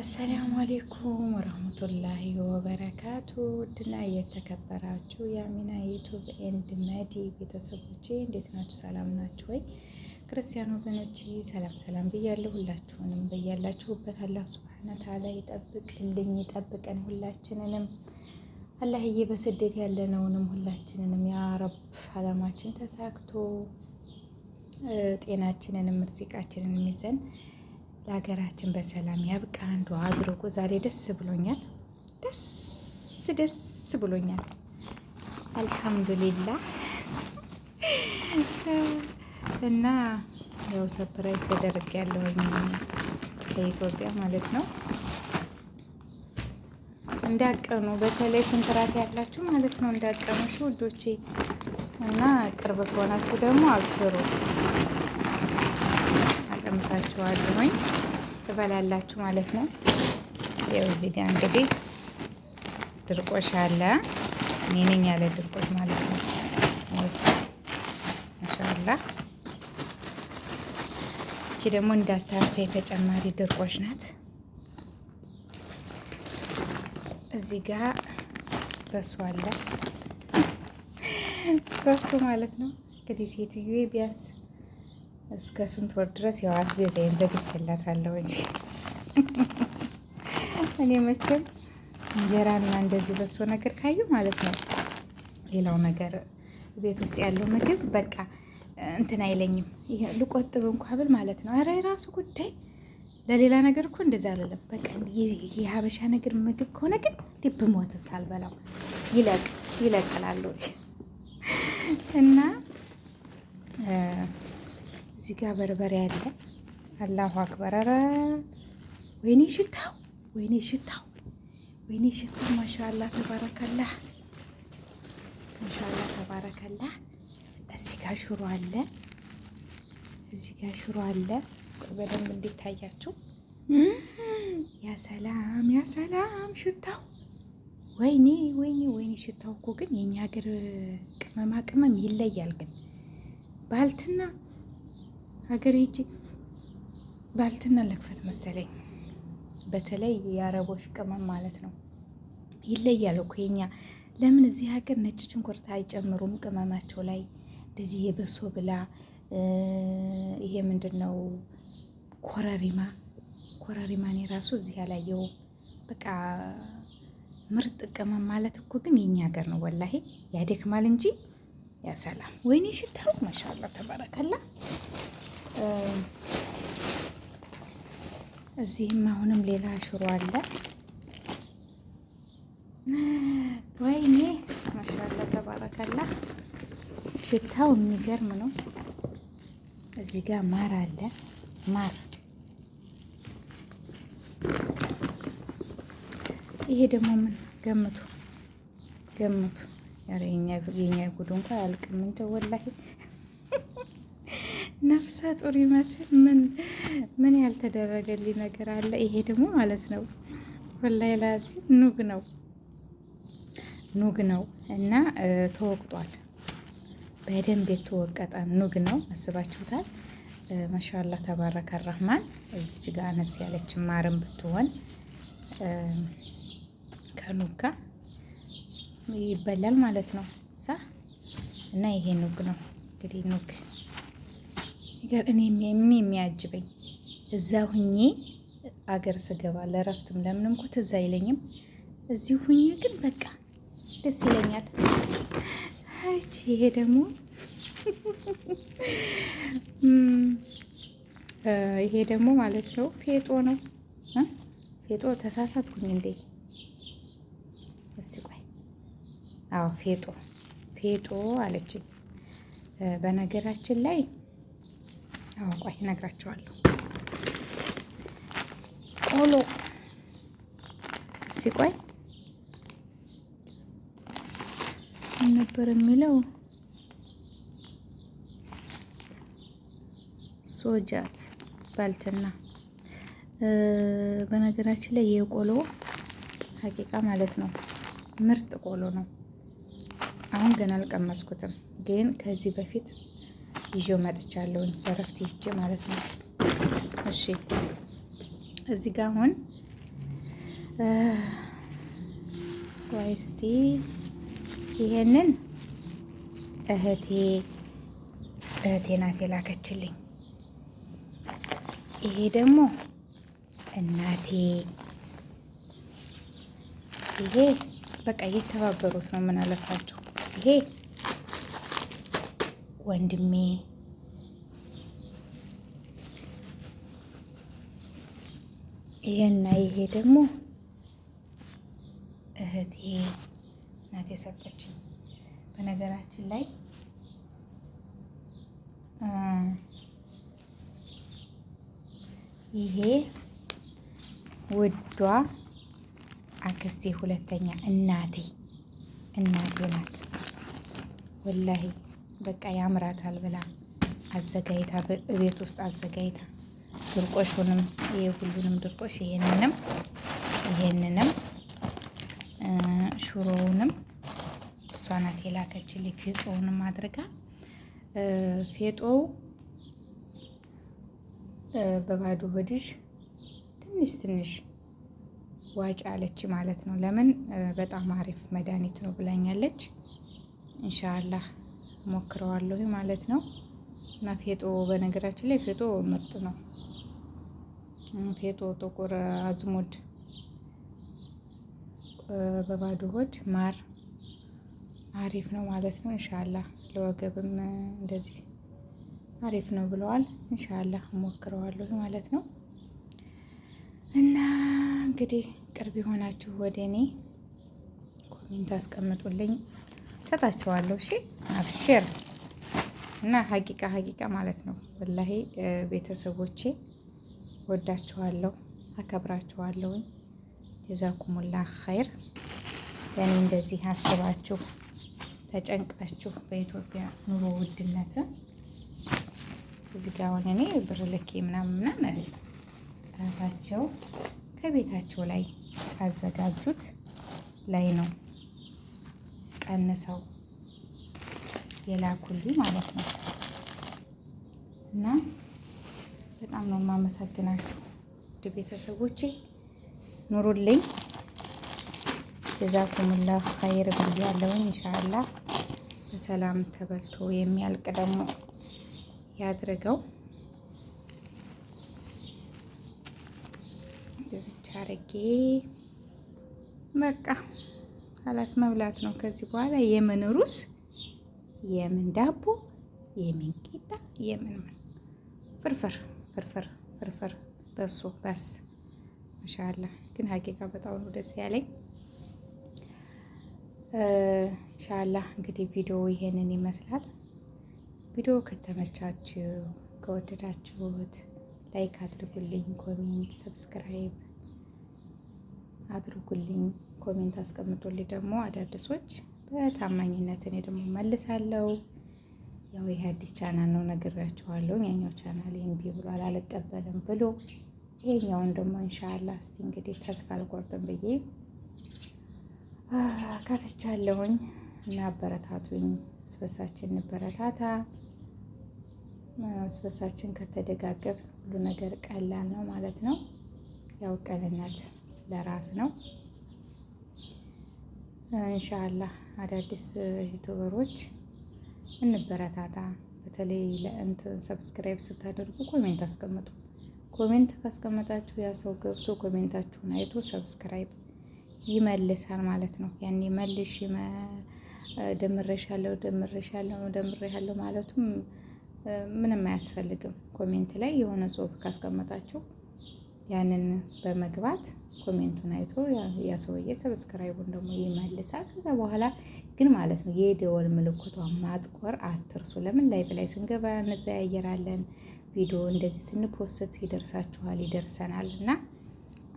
አሰላሙ አሌይኩም ወረህመቱላሂ ወበረካቱ ድና እየተከበራችሁ የአሚና ዩቱብ ኤንድ መዲ ቤተሰቦቼ እንዴት ናችሁ? ሰላም ናችሁ ወይ? ክርስቲያን ወገኖች ሰላም ሰላም ብያለሁ። ሁላችሁንም በያላችሁበት አላህ ሱብሃነ ተዓላ ይጠብቅልኝ ይጠብቀን ሁላችንንም። አላህዬ በስደት ያለነውንም ሁላችንንም ያረብ አላማችን ተሳክቶ ጤናችንንም ርዚቃችንን ይዘን ለሀገራችን በሰላም ያብቃን። አንዱ አድርጉ። ዛሬ ደስ ብሎኛል፣ ደስ ደስ ብሎኛል። አልሐምዱሊላህ እና ያው ሰፕራይዝ ተደረግ ያለሁኝ ከኢትዮጵያ ማለት ነው። እንዳቀኑ በተለይ ኮንትራት ያላችሁ ማለት ነው እንዳቀኑ ሽ ውዶቼ እና ቅርብ ከሆናችሁ ደግሞ አብስሩ። ቀምሳችኋለሁኝ ትበላላችሁ ማለት ነው። ያው እዚህ ጋር እንግዲህ ድርቆሽ አለ። እኔ ነኝ ያለ ድርቆሽ ማለት ነው። ማሻላ እቺ ደግሞ እንዳታርሰ የተጨማሪ ድርቆሽ ናት። እዚህ ጋር በሱ አለ በሱ ማለት ነው እንግዲህ ሴትዮ ቢያንስ እስከ ስንት ወር ድረስ ያው አስቤዛዬን ዘግቼላታለሁ። እኔ መቼም እንጀራና እንደዚህ በሶ ነገር ካዩ ማለት ነው። ሌላው ነገር ቤት ውስጥ ያለው ምግብ በቃ እንትን አይለኝም። ልቆጥብ እንኳ ብል ማለት ነው። ኧረ የራሱ ጉዳይ ለሌላ ነገር እኮ እንደዛ አይደለም። በቃ የሀበሻ ነገር ምግብ ከሆነ ግን ዲብ ሞትስ አልበላው ይለቅ ይለቅላሉ እና እዚህ ጋር በርበሬ አለ። አላሁ አክበር! ኧረ ወይኔ ሽታው፣ ወይኔ ሽታው፣ ወይኔ ሽታው! ማሻላ ተባረከላ፣ ማሻላ ተባረከላህ። እዚህ ጋር ሽሮ አለ፣ እዚህ ጋር ሽሮ አለ። በደንብ እንዲታያችሁ። ያ ሰላም፣ ያ ሰላም ሽታው ወይኔ ወይኔ ወይኔ ሽታው እኮ ግን የኛ ሀገር ቅመማ ቅመም ይለያል። ግን ባልትና ሀገር ሂጅ ባልትና ለክፈት መሰለኝ። በተለይ የአረቦች ቅመም ማለት ነው ይለያል እኮ የኛ። ለምን እዚህ ሀገር ነጭ ሽንኩርት አይጨምሩም ቅመማቸው ላይ? እንደዚህ የበሶ ብላ ይሄ ምንድን ነው ኮረሪማ ኮረሪማን ራሱ እዚህ ያላየው በቃ ምርጥ ቅመም ማለት እኮ ግን የኛ ሀገር ነው ወላሄ። ያደክማል እንጂ ያሰላም። ወይኔ ሽታው ማሻላ ተባረከላ። እዚህም አሁንም ሌላ ሽሮ አለ። ወይኔ ማሻአላ ተባረከላ፣ ሽታው የሚገርም ነው። እዚህ ጋር ማር አለ። ማር ይሄ ደግሞ ምን ገምቱ፣ ገምቱ። የኛ ጉድ እንኳ አያልቅም እንደው ወላሂ ነፍሰ ጡር ይመስል ምን ምን ያልተደረገልኝ ነገር አለ። ይሄ ደግሞ ማለት ነው ወላሂ ላዚ ኑግ ነው ኑግ ነው እና ተወቅጧል። በደንብ የተወቀጠ ኑግ ነው። አስባችሁታል። ማሻላ ተባረከ ረህማን። እዚች ጋ አነስ ያለች ማርም ብትሆን ከኑግ ጋር ይበላል ማለት ነው ሳ እና ይሄ ኑግ ነው እንግዲህ ኑግ ነገር እኔ ምን የሚያጅበኝ እዛ ሁኜ አገር ስገባ ለእረፍትም ለምንም እኮ ትዝ አይለኝም። እዚህ ሁኜ ግን በቃ ደስ ይለኛል። እች ይሄ ደግሞ ይሄ ደግሞ ማለት ነው ፌጦ ነው ፌጦ። ተሳሳትኩኝ እንዴ? እስቲ ቆይ። አዎ ፌጦ ፌጦ አለችኝ። በነገራችን ላይ አዎ ቆይ እነግራችኋለሁ። ቆሎ እስቲ ቆይ ነበር የሚለው ሶጃት ባልትና በነገራችን ላይ የቆሎ ሀቂቃ ማለት ነው። ምርጥ ቆሎ ነው። አሁን ገና አልቀመስኩትም፣ ግን ከዚህ በፊት ይዤው መጥቻለሁኝ በረፍት ይዤ ማለት ነው። እሺ እዚህ ጋር አሁን ቆይ እስቲ ይሄንን እህቴ እህቴ ናት የላከችልኝ። ይሄ ደግሞ እናቴ ይሄ በቃ እየተባበሩት ነው። ምን አለፋቸው ይሄ ወንድሜ ይሄና ይሄ ደግሞ እህቴ ናት የሰጠችኝ። በነገራችን ላይ ይሄ ውዷ አክስቴ ሁለተኛ እናቴ እናቴ ናት ወላሄ በቃ ያምራታል ብላ አዘጋጅታ ቤት ውስጥ አዘጋጅታ ድርቆሹንም ይሄ ሁሉንም ድርቆሽ ይሄንንም ይሄንንም ሽሮውንም እሷ ናት የላከችልኝ። ፌጦውንም አድርጋ ፌጦው በባዶ ሆድሽ ትንሽ ትንሽ ዋጭ አለች ማለት ነው። ለምን በጣም አሪፍ መድኃኒት ነው ብላኛለች። ኢንሻአላህ ሞክረዋለሁ ማለት ነው። እና ፌጦ በነገራችን ላይ ፌጦ ምርጥ ነው። ፌጦ ጥቁር አዝሙድ በባዶ ሆድ ማር አሪፍ ነው ማለት ነው። እንሻላ ለወገብም እንደዚህ አሪፍ ነው ብለዋል። እንሻላ ሞክረዋለሁ ማለት ነው። እና እንግዲህ ቅርብ የሆናችሁ ወደ እኔ ኮሜንት አስቀምጡልኝ። ሰጣችኋለሁ። እሺ አብሽር እና ሀቂቃ ሀቂቃ ማለት ነው። ወላሂ ቤተሰቦቼ ወዳችኋለሁ፣ አከብራችኋለሁኝ። ጀዛኩሙላ ኸይር። ያኔ እንደዚህ አስባችሁ ተጨንቃችሁ በኢትዮጵያ ኑሮ ውድነት እዚህ ጋ አሁን እኔ ብር ልኬ ምናምን ምናምን ራሳቸው ከቤታቸው ላይ ካዘጋጁት ላይ ነው ቀንሰው የላኩልኝ ማለት ነው። እና በጣም ነው የማመሰግናችሁ ውድ ቤተሰቦቼ፣ ኑሩልኝ። ጀዛኩሙላ ኸይር ያለውን እንሻላ በሰላም ተበልቶ የሚያልቅ ደግሞ ያድርገው። እዚች አረጌ በቃ ካላስ መብላት ነው። ከዚህ በኋላ የምን ሩዝ፣ የምን ዳቦ፣ የምን ቂጣ፣ የምን ፍርፍር ፍርፍር ፍርፍር በሱ በስ ማሻአላ። ግን ሀቂቃ በጣም ነው ደስ ያለኝ። ኢንሻአላ እንግዲህ ቪዲዮ ይሄንን ይመስላል። ቪዲዮ ከተመቻችሁ ከወደዳችሁት ላይክ አድርጉልኝ፣ ኮሜንት፣ ሰብስክራይብ አድርጉልኝ። ኮሜንት አስቀምጡልኝ ደግሞ አዳዲሶች በታማኝነት እኔ ደግሞ መልሳለሁ። ያው ይሄ አዲስ ቻናል ነው ነግሬያቸዋለሁ። ያኛው ቻናል ይህን ቢ ብሏል አልቀበልም ብሎ ይሄኛውን ደግሞ እንሻላ እስቲ እንግዲህ ተስፋ አልቆርጥም ብዬ ከፍቻለሁኝ እና አበረታቱኝ። ስበሳችን እንበረታታ። ስበሳችን ከተደጋገፍ ሁሉ ነገር ቀላል ነው ማለት ነው። ያው ቀልነት ለራስ ነው። እንሻላህ አዳዲስ ዩቱበሮች እንበረታታ። በተለይ ለእንት ሰብስክራይብ ስታደርጉ ኮሜንት አስቀምጡ። ኮሜንት ካስቀመጣችሁ ያ ሰው ገብቶ ኮሜንታችሁን አይቶ ሰብስክራይብ ይመልሳል ማለት ነው። ያኔ መልሽ ደምሬሻለሁ ደምሬሻለሁ ደምሬሻለሁ ማለቱም ምንም አያስፈልግም። ኮሜንት ላይ የሆነ ጽሁፍ ካስቀመጣችሁ ያንን በመግባት ኮሜንቱን አይቶ ያ ሰውዬ ሰብስክራይቡን ደግሞ ይመልሳል። ከዛ በኋላ ግን ማለት ነው የደወል ምልክቷ ማጥቆር አትርሱ። ለምን ላይ በላይ ስንገባ እንዘያየራለን፣ ቪዲዮ እንደዚህ ስንፖስት ይደርሳችኋል፣ ይደርሰናል እና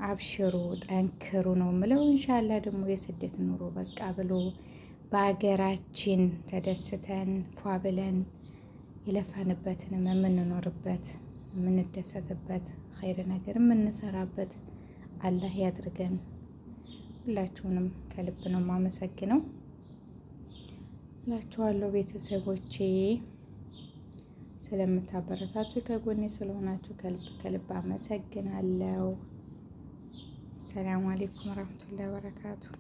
አብሽሩ፣ ጠንክሩ ነው ምለው። እንሻላ ደግሞ የስደት ኑሮ በቃ ብሎ በሀገራችን ተደስተን ፏ ብለን የለፋንበትንም የምንኖርበት የምንደሰትበት ኸይር ነገር የምንሰራበት አላህ ያድርገን። ሁላችሁንም ከልብ ነው ማመሰግነው እላችኋለሁ። ቤተሰቦቼ ስለምታበረታችሁ ከጎኔ ስለሆናችሁ ከልብ ከልብ አመሰግናለሁ። ሰላም አሌይኩም ወረሕመቱላሂ ወበረካቱ።